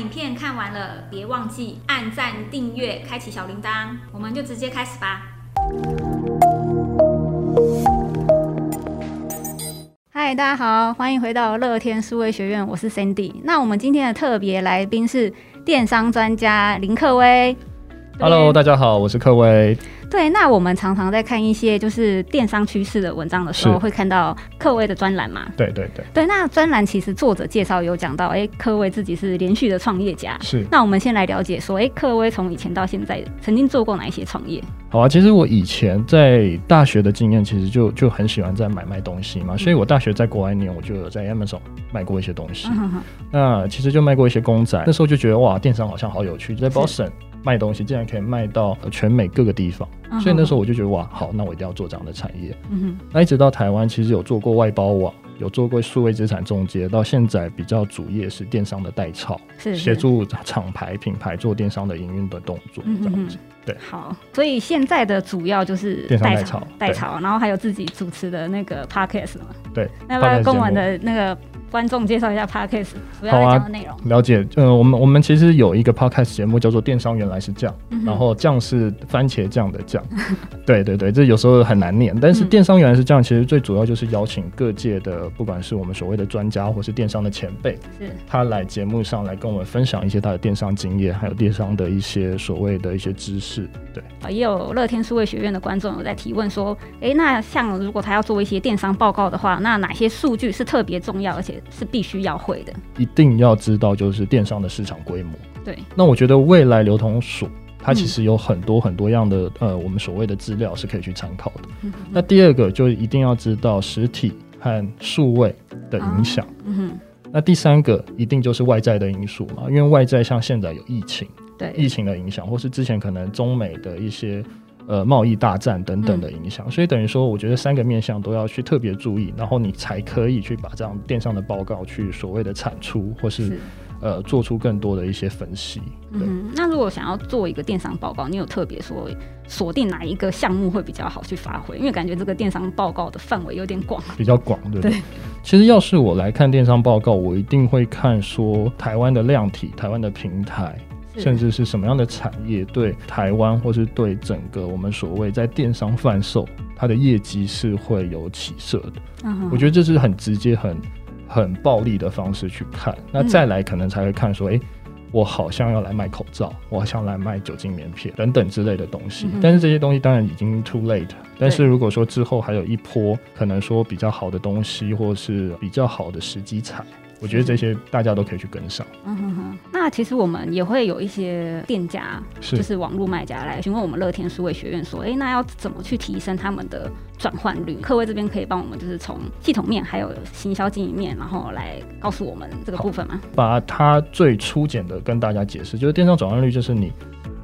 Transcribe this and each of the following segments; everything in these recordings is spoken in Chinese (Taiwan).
影片看完了，別忘記按讚、訂閱、開啟小鈴鐺，我們就直接開始吧。嗨，大家好，歡迎回到樂天數位學院，我是 Sandy。那我們今天的特別來賓是電商專家林克威。Hello，大家好，我是克威。對，那我們常常在看一些就是電商趨勢的文章的時候，會看到克威的專欄嘛。對對對。對，那專欄其實作者介紹有講到，誒，克威自己是連續的創業家。是。那我們先來了解說，誒，克威從以前到現在曾經做過哪一些創業？好啊，其實我以前在大學的經驗，其實就就很喜歡在買賣東西嘛。所以我大學在過完年，我就有在 Amazon 賣過一些東西。嗯。那其實就賣過一些公仔，那時候就覺得哇，電商好像好有趣，就在 Boston。賣東西竟然可以賣到全美各個地方，所以那時候我就覺得哇，好，那我一定要做這樣的產業。嗯、哼，那一直到台灣，其實有做過外包網，有做過數位資產中介，到現在比較主業是電商的代操，是是協助廠牌品牌做電商的營運的動作這樣子，嗯哼哼。對，好，所以現在的主要就是電商代操，代操，然後還有自己主持的那個 podcast 嘛，對，那個公文的那個。觀眾介紹一下 podcast 好啊，了解。嗯、呃，我們我們其實有一個 podcast 節目叫做《電商原來是這樣》，嗯，然後“醬”是番茄醬的醬“醬 ”，對對對，這有時候很難念。但是《電商原來是這樣》其實最主要就是邀請各界的，嗯、不管是我們所謂的專家，或是電商的前輩，是他來節目上來跟我們分享一些他的電商經驗，還有電商的一些所謂的一些知識。對啊，也有樂天數位學院的觀眾有在提問說：“哎、欸，那像如果他要做一些電商報告的話，那哪些數據是特別重要，而且？”是必須要會的，一定要知道就是電商的市場規模。對，那我覺得未來流通數它其實有很多很多樣的、嗯、呃，我們所謂的資料是可以去參考的嗯嗯。那第二個就一定要知道實體和數位的影響、嗯。嗯哼。那第三個一定就是外在的因素嘛，因為外在像現在有疫情，對疫情的影響，或是之前可能中美的一些。呃，貿易大戰等等的影響。嗯，所以等於說，我覺得三個面向都要去特別注意，然後你才可以去把這樣電商的報告去所謂的產出，或是，是，呃，做出更多的一些分析。嗯，那如果想要做一個電商報告，你有特別說鎖定哪一個項目會比較好去發揮？因為感覺這個電商報告的範圍有點廣啊，比較廣，對對。其實要是我來看電商報告，我一定會看說台灣的量體，台灣的平台。甚至是什麼樣的產業對台灣，或是對整個我們所謂在電商販售，它的業績是會有起色的。我覺得這是很直接、很很暴力的方式去看。那再來可能才會看說，誒，我好像要來賣口罩，我好像來賣酒精棉片等等之類的東西。但是這些東西當然已經 too late。但是如果說之後還有一波，可能說比較好的東西，或是比較好的時機踩。我覺得這些大家都可以去跟上。嗯哼哼。那其實我們也會有一些店家，是就是網絡賣家來詢問我們樂天數位學院說：“誒，那要怎麼去提升他們的轉換率？”克威這邊可以幫我們，就是從系統面還有行銷經營面，然後來告訴我們這個部分嗎？把它最粗簡的跟大家解釋，就是電商轉換率就是你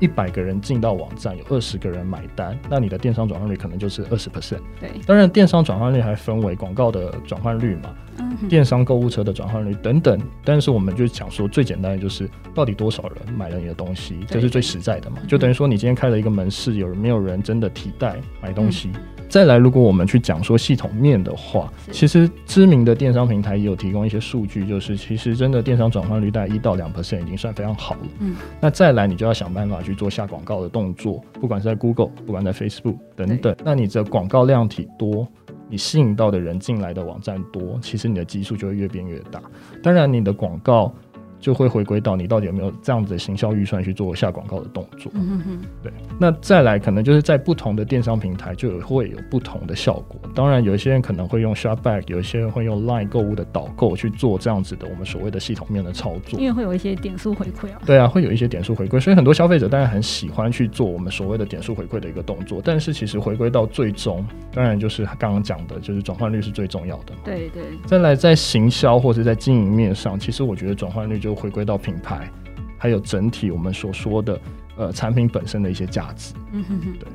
一百個人進到網站，有二十個人買單，那你的電商轉換率可能就是二十%。對。當然，電商轉換率還分為廣告的轉換率嘛。電商購物車的轉換率等等，但是我們就講說最簡單的就是到底多少人買了你的東西，這、就是最實在的嘛對對？就等於說你今天開了一個門市，有沒有人真的提袋買東西？嗯、再來，如果我們去講說系統面的話，其實知名的電商平台也有提供一些數據，就是其實真的電商轉換率大概一到兩 percent 已經算非常好了。嗯，那再來你就要想辦法去做下廣告的動作，不管是在 Google，不管在 Facebook 等等，那你的廣告量體多。你吸引到的人進來的網站多，其實你的基數就會越變越大。當然，你的廣告。就會回歸到你到底有沒有這樣子的行銷預算去做下廣告的動作，嗯哼，哼，對。那再來，可能就是在不同的電商平台就有會有不同的效果。當然，有一些人可能會用 ShopBack，有一些人會用 Line 購物的導購去做這樣子的我們所謂的系統面的操作，因為會有一些點數回饋啊。對啊，會有一些點數回饋，所以很多消費者當然很喜歡去做我們所謂的點數回饋的一個動作。但是其實回歸到最終，當然就是剛剛講的，就是轉換率是最重要的嘛。對，對對。再來，在行銷或者在經營面上，其實我覺得轉換率。又回歸到品牌，還有整體我們所說的呃產品本身的一些價值。嗯哼哼。對。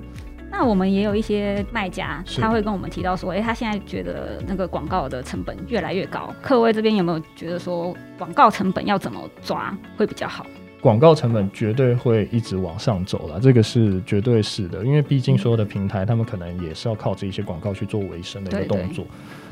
那我們也有一些賣家，他會跟我們提到說，誒、欸，他現在覺得那個廣告的成本越來越高。克威這邊有沒有覺得說廣告成本要怎麼抓會比較好？廣告成本絕對會一直往上走了，這個是絕對是的，因為畢竟所有的平台、嗯、他們可能也是要靠這一些廣告去做維生的一個動作。對對對，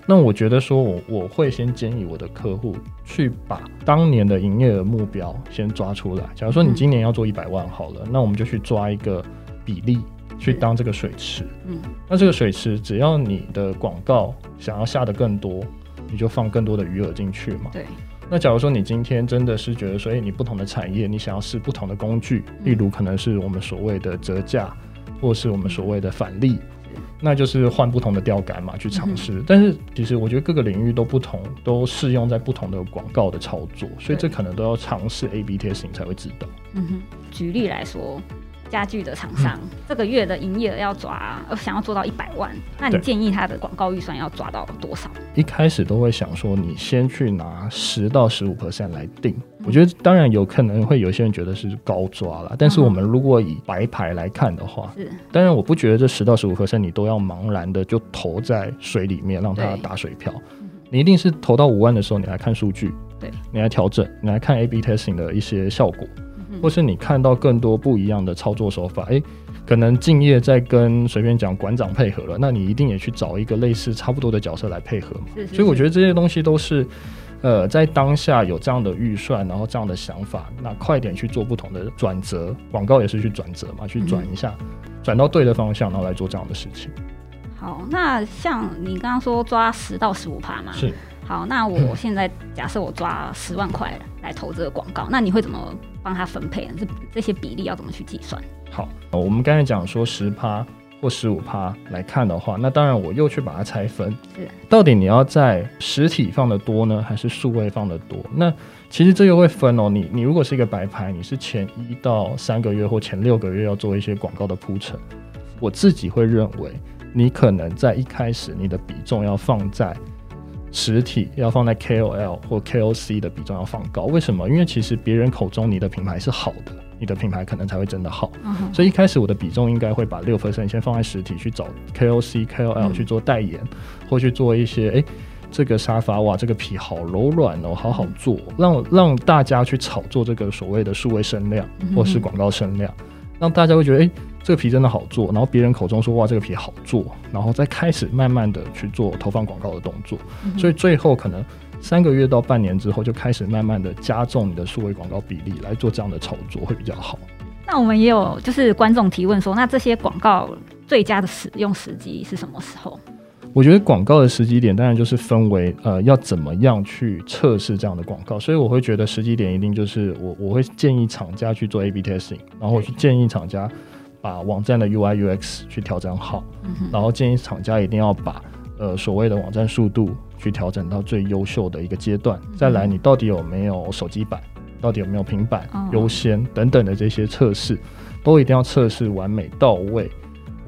那我覺得說，我我會先建議我的客戶去把當年的營業額目標先抓出來。假如說你今年要做一百萬好了、嗯，那我們就去抓一個比例去當這個水池。嗯。那這個水池只要你的廣告想要下的更多，你就放更多的餘額進去嘛。對。那假如說你今天真的是覺得說，所、欸、以你不同的產業，你想要試不同的工具、嗯，例如可能是我們所謂的折價，或是我們所謂的返利，那就是換不同的吊桿嘛，去嘗試、嗯。但是其實我覺得各個領域都不同，都適用在不同的廣告的操作，所以這可能都要嘗試 A, A B testing 才會知道。嗯哼，舉例來說。家具的廠商、嗯、這個月的營業額要抓，想要做到一百萬，那你建議他的廣告預算要抓到多少？一開始都會想說，你先去拿十到十五 percent 來定、嗯。我覺得當然有可能會有些人覺得是高抓啦、嗯，但是我們如果以白牌來看的話，嗯、當然我不覺得這十到十五 percent 你都要茫然的就投在水裡面，讓它打水漂。你一定是投到五萬的時候，你來看數據，對你來調整，你來看 A/B testing 的一些效果。或是你看到更多不一樣的操作手法，誒、欸，可能敬業在跟隨便講館長配合了，那你一定也去找一個類似差不多的角色來配合嘛。是，是，是。所以我覺得這些東西都是，呃，在當下有這樣的預算，然後這樣的想法，那快點去做不同的轉折，廣告也是去轉折嘛，去轉一下，轉、嗯、到對的方向，然後來做這樣的事情。好，那像你剛剛說抓十到十五趴嘛。是。好，那我現在假設我抓十萬塊來投這個廣告，嗯，那你會怎麼幫他分配？這這些比例要怎麼去計算？好，我們剛才講說十趴或十五趴來看的話，那當然我又去把它拆分。是，啊，到底你要在實體放得多呢，還是數位放得多？那其實這個會分哦。你你如果是一個白牌，你是前一到三個月或前六個月要做一些廣告的鋪陳。我自己會認為，你可能在一開始你的比重要放在。實體要放在 KOL 或 KOC 的比重要放高，為什麼？因為其實別人口中你的品牌是好的，你的品牌可能才會真的好。哦、好，所以一開始我的比重應該會把六分身先放在實體去找 KOC、KOL 去做代言，嗯，或去做一些誒、欸、這個沙發哇，這個皮好柔軟哦，好好做，讓讓大家去炒作這個所謂的數位聲量或是廣告聲量、嗯，讓大家會覺得誒。欸這個皮真的好做。然後別人口中說，哇，這個皮好做，然後再開始慢慢的去做投放廣告的動作、嗯，所以最後可能三個月到半年之後就開始慢慢的加重你的數位廣告比例來做這樣的炒作會比較好。那我們也有就是觀眾提問說，那這些廣告最佳的使用時機是什麼時候？我覺得廣告的時機點當然就是分爲呃要怎麼樣去測試這樣的廣告，所以我會覺得時機點一定就是我我會建議廠家去做 A/B testing，然後我去建議廠家、嗯。嗯把網站的 UI UX 去調整好、嗯，然後建議廠家一定要把呃所謂的網站速度去調整到最優秀的一個階段、嗯。再來，你到底有沒有手機版，到底有沒有平板優、哦哦、先等等的這些測試，都一定要測試完美到位。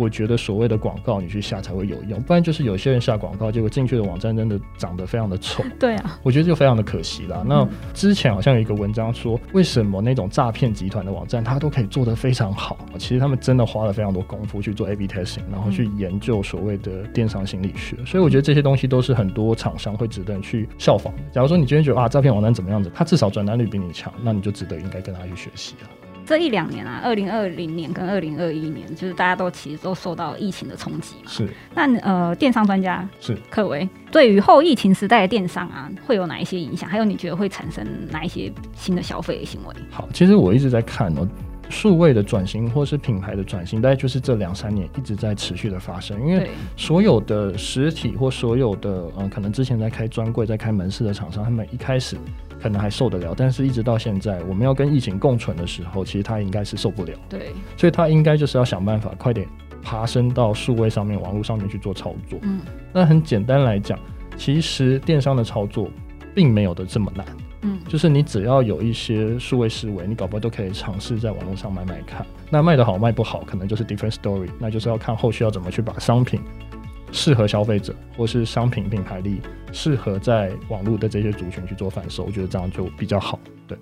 我覺得所謂的廣告你去下才會有用，不然就是有些人下廣告，結果進去的網站真的長得非常的醜。對啊，我覺得就非常的可惜了。那之前好像有一個文章說，為什麼那種詐騙集團的網站它都可以做得非常好？其實他們真的花了非常多功夫去做 A/B testing，然後去研究所謂的電商心理學。所以我覺得這些東西都是很多廠商會值得你去效仿的。假如說你今天覺得啊詐騙網站怎麼樣子，它至少轉單率比你強，那你就值得應該跟他去學習了。這一兩年啊，二零二零年跟二零二一年，就是大家都其實都受到疫情的衝擊嘛。是。那呃，電商專家是可維，對於後疫情時代的電商啊，會有哪一些影響？還有你覺得會產生哪一些新的消費行為？好，其實我一直在看、哦數位的轉型或是品牌的轉型，大概就是這兩三年一直在持續的發生。因為所有的實體或所有的嗯、呃，可能之前在開專櫃、在開門市的廠商，他們一開始可能還受得了，但是一直到現在，我們要跟疫情共存的時候，其實他應該是受不了。對，所以他應該就是要想辦法快點爬升到數位上面、網絡上面去做操作。嗯，那很簡單來講，其實電商的操作並沒有的這麼難。嗯，就是你只要有一些數位思維，你搞不好都可以嘗試在網絡上賣賣看。那賣得好賣不好，可能就是 different story，那就是要看後續要怎麼去把商品適合消費者，或是商品品牌力適合在網絡的這些族群去做販售，我覺得這樣就比較好，對。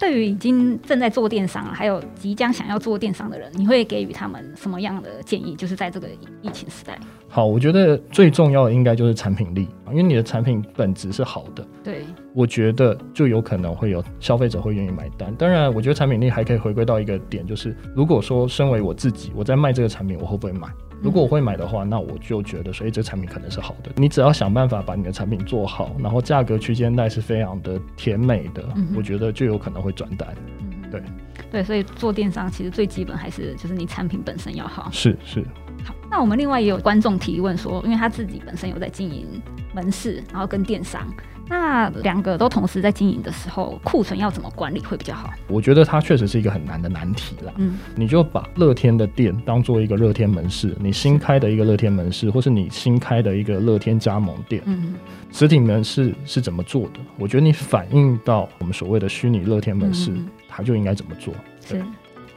對於已經正在做電商了，還有即將想要做電商的人，你會給予他們什麼樣的建議？就是在這個疫情時代。好，我覺得最重要的應該就是產品力，因為你的產品本質是好的。對，我覺得就有可能會有消費者會願意買單。當然，我覺得產品力還可以回歸到一個點，就是如果說身為我自己，我在賣這個產品，我會不會買？如果我會買的話，那我就覺得說，欸，這個產品可能是好的。你只要想辦法把你的產品做好，然後價格區間帶是非常的甜美的、嗯，我覺得就有可能會轉單。對對，所以做電商其實最基本還是就是你產品本身要好。是是。好，那我們另外也有觀眾提問說，因為他自己本身有在經營門市，然後跟電商。那兩個都同時在經營的時候，庫存要怎麼管理會比較好？我覺得它確實是一個很難的難題啦。嗯，你就把樂天的店當做一個樂天門市，你新開的一個樂天門市，或是你新開的一個樂天加盟店，實、嗯、體門市是怎麼做的？我覺得你反映到我們所謂的虛擬樂天門市，嗯、它就應該怎麼做？對。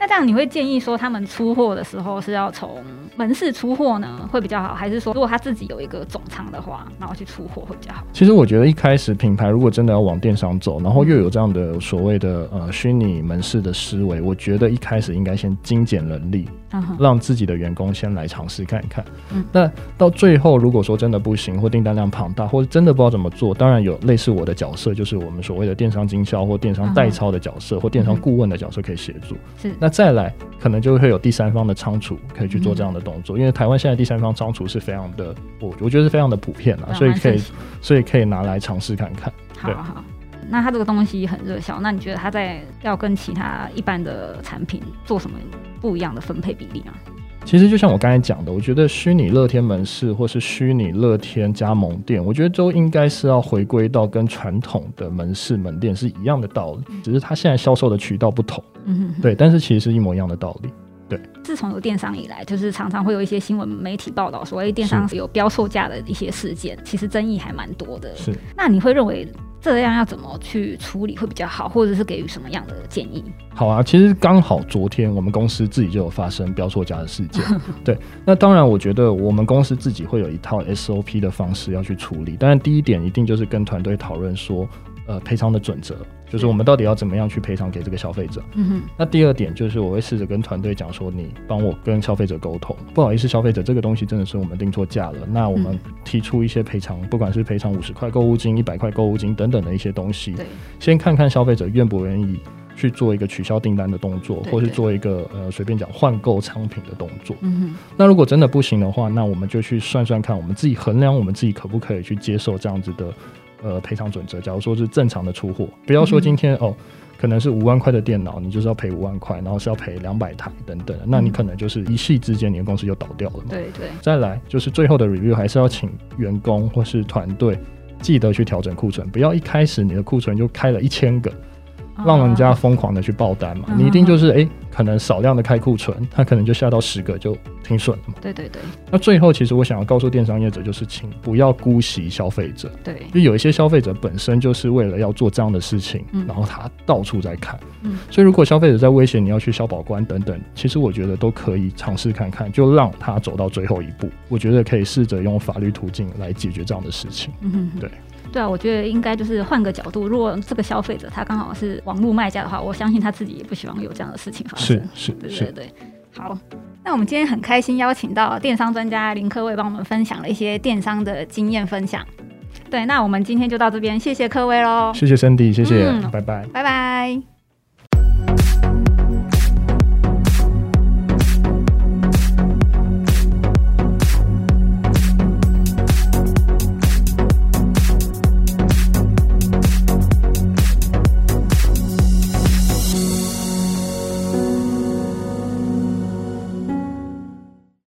那這樣你會建議說，他們出貨的時候是要從門市出貨呢，會比較好，還是說如果他自己有一個總倉的話，然後去出貨會比較好？其實我覺得一開始品牌如果真的要往電商走，然後又有這樣的所謂的呃虛擬門市的思維，我覺得一開始應該先精簡人力、嗯，讓自己的員工先來嘗試看一看。嗯，那到最後如果說真的不行，或訂單量龐大，或者真的不知道怎麼做，當然有類似我的角色，就是我們所謂的電商經銷或電商代操的角色，嗯、或電商顧問的角色可以協助。是那。再來，可能就會有第三方的倉儲可以去做這樣的動作，嗯、因為台灣現在第三方倉儲是非常的我我覺得是非常的普遍啊，所以可以，所以可以拿來嘗試看看。好好，那它這個東西很熱銷，那你覺得它在要跟其他一般的產品做什麼不一樣的分配比例呢？其實就像我剛才講的，我覺得虛擬樂天門市或是虛擬樂天加盟店，我覺得都應該是要回歸到跟傳統的門市門店是一樣的道理，嗯、只是它現在銷售的渠道不同。嗯，對。但是其實是一模一樣的道理。對。自從有電商以來，就是常常會有一些新聞媒體報道說，所謂電商有標錯價的一些事件，其實爭議還蠻多的。是。那你會認為？這樣要怎麼去處理會比較好，或者是給予什麼樣的建議？好啊，其實剛好昨天我們公司自己就有發生標錯價的事件。 對，那當然，我覺得我們公司自己會有一套 SOP 的方式要去處理，但第一點一定就是跟團隊討論說，呃，賠償的準則就是我們到底要怎麼樣去賠償給這個消費者。嗯哼。那第二點就是我會試着跟團隊講說，你幫我跟消費者溝通，不好意思消，消費者這個東西真的是我們定錯價了。那我們提出一些賠償，不管是賠償五十塊購物金、一百塊購物金等等的一些東西。對。先看看消費者願不願意去做一個取消訂單的動作，對對對，或是做一個呃隨便講換購商品的動作。嗯哼。那如果真的不行的話，那我們就去算算看，我們自己衡量我們自己可不可以去接受這樣子的。呃，賠償準則，假如說是正常的出貨，不要說今天，嗯、哦，可能是五萬塊的電腦，你就是要賠五萬塊，然後是要賠兩百台等等，嗯，那你可能就是一夕之間，你的公司就倒掉了嘛。對，對對。再來就是最後的 review，還是要請員工或是團隊記得去調整庫存，不要一開始你的庫存就開了一千個。讓人家瘋狂的去爆單嘛，啊、你一定就是哎、欸，可能少量的開庫存，他可能就下到十個就挺順的嘛。對對對。那最後，其實我想要告訴電商業者，就是請不要姑息消費者。對。因為有一些消費者本身就是為了要做這樣的事情，嗯、然後他到處在看。嗯。所以，如果消費者在威脅你要去消保官等等、嗯，其實我覺得都可以嘗試看看，就讓他走到最後一步。我覺得可以試着用法律途徑來解決這樣的事情。嗯哼哼。對。對啊，我覺得應該就是換個角度，如果這個消費者他剛好是網絡賣家的話，我相信他自己也不希望有這樣的事情發生。是是，對對對。好，那我們今天很開心邀請到電商專家林克威幫我們分享了一些電商的經驗分享。對，那我們今天就到這邊，謝謝克威嘍，謝謝 Sandy，謝謝、嗯，拜拜，拜拜。